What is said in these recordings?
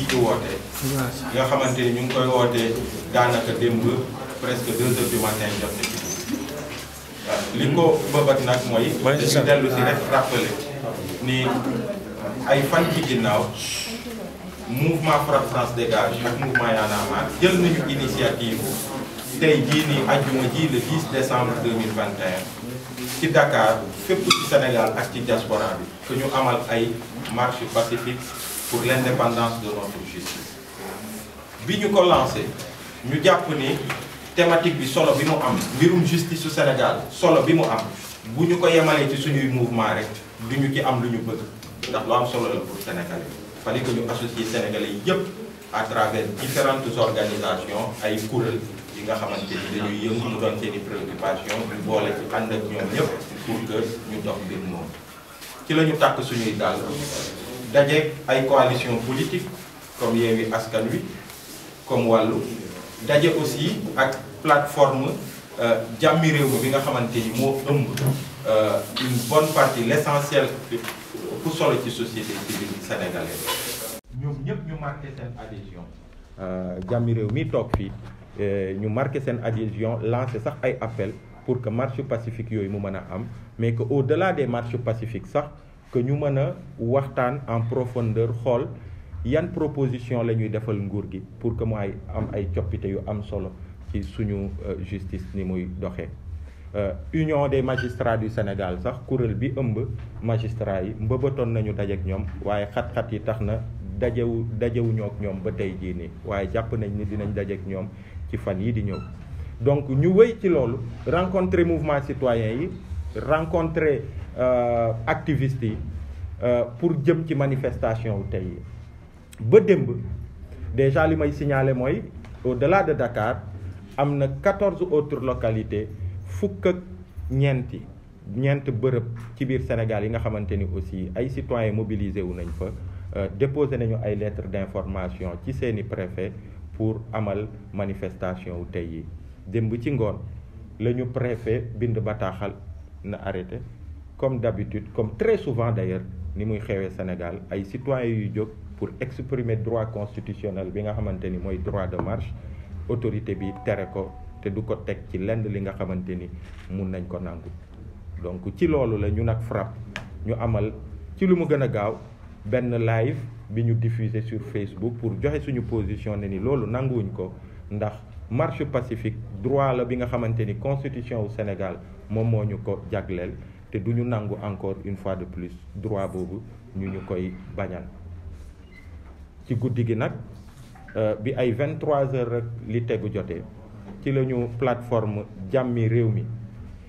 bii di woote nga xamante ni ñu ngi koy wootee daanaka démb presque deux heures du matin jot na li ko bëbat nag mooy dañu dellu si rek rappelé ni ay fan ci ginnaaw mouvement Frapp France de ak mouvement Y'en a marre jël nañu initiative tey jii nii ajjuma ji le 10 décembre 2021 ci Dakar fépp ci Sénégal ak ci diaspora bi que ñu amal ay marche pacifique pour l'indépendance de notre justice bi ñu ko lancé ñu jàpp ni thématique bi solo bi mu am mbirum justice su Sénégal solo bi mu am bu ñu ko yemalee ci suñuy mouvement rek du ñu ci am lu ñu bëgg ndax lu am solo la pour Sénégalais fallait que ñu associer Sénégalais yëpp à travers différentes organisations ay kuréel yi nga xamante ni dañuy yëngu mu doon seen i préoccupation boole ci ànd ak ñoom ñëpp pour que ñu dox mbir moom ci la ñu tàkk suñuy dàll dajeeg ay coalition politique comme Yewwi Askan Wi comme wàllu daje aussi ak plateforme euh, jàmmi réew mi bi nga xamante ni moo ëmb euh, une bonne partie l'essentiel ku solo ci société civile sénégalaise ñoom ñëpp ñu marqué seen adhésion euh, jàmmi réew mi toog fii ñu marqué seen adhésion lancé sax ay appel pour que marche pacifique yooyu mu mën a am mais que au-delà des marches pacifiques sax que ñu mën a waxtaan en profondeur xool yan proposition la ñuy defal nguur gi pour que mu ay am ay coppite yu am solo ci suñu euh, justice ni muy doxee euh, union des magistrats du Sénégal sax kuréel bi ëmb magistrats yi mbëbatoon nañu dajeek ñoom waaye xat-xat yi tax na dajewu dajewuñook ñoom ba tey jii nii waaye jàpp nañ ni dinañ dajeek ñoom ci fan yi di ñëw donc ñu wéy ci loolu rencontrer mouvement citoyen yi rencontrer euh, activistes yi euh, pour jëm ci manifestation wu tey ba démb déjà li may signale mooy de delà de Dakar am na quatorze autres localités fukk ak ñeenti ñeent bërëb ci biir Sénégal yi nga xamante ni aussi ay citoyens mobilisé wu nañ fa euh, déposé nañu ay lettres d'information ci seeni préfet pour amal manifestation wu tey yi démb ci ngoon la ñu préfet bind bataaxal na arrêté comme d'habitude comme très souvent d'ailleurs ni muy xewee Sénégal ay citoyens yu jóg pour exprimer droit constitutionnel bi nga xamante ni mooy droit de marche autorité bi tere ko te du ko teg ci lenn li nga xamante ni mun nañ ko nangu donc ci loolu la ñu nag frappe ñu amal ci lu mu gën a gaaw benn live bi ñu diffusé sur Facebook pour joxe suñu position ne ni loolu nanguwuñ ko ndax marche pacifique droit la bi nga xamante ni constitution wu Sénégal moom moo ñu ko jagleel te du ñu nangu encore une fois de plus droit boobu ñu ñu koy bañal ci guddi gi nag euh, bi ay 23 heures rek li tegu jotee ci la ñu plateforme jàmmi réew mi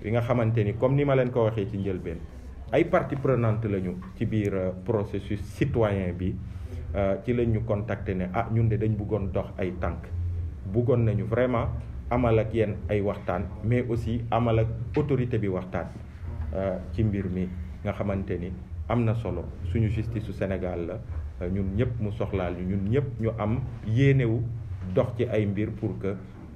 bi nga xamante ni comme ni ma leen ko waxee ci njëlbeen ay partie prenante lañu ci biir euh, processus citoyen bi euh, ci lañu ñu contacté ne ah ñun de dañ bëggoon dox ay tànk buggoon nañu vraiment amal ak yéen ay waxtaan mais aussi amal ak autorité bi waxtaan euh, ci mbir mi nga xamante ni am na solo suñu justice su Sénégal la euh, ñun ñëpp mu soxlaal ñu ñun ñëpp ñu am yéenewu dox ci ay mbir pour que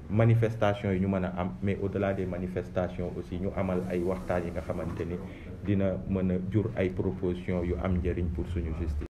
manifestation yi ñu mën a am mais au-delà des manifestation aussi ñu amal ay waxtaan yi nga xamante ni dina mën a jur ay propositions yu am njëriñ pour suñu justice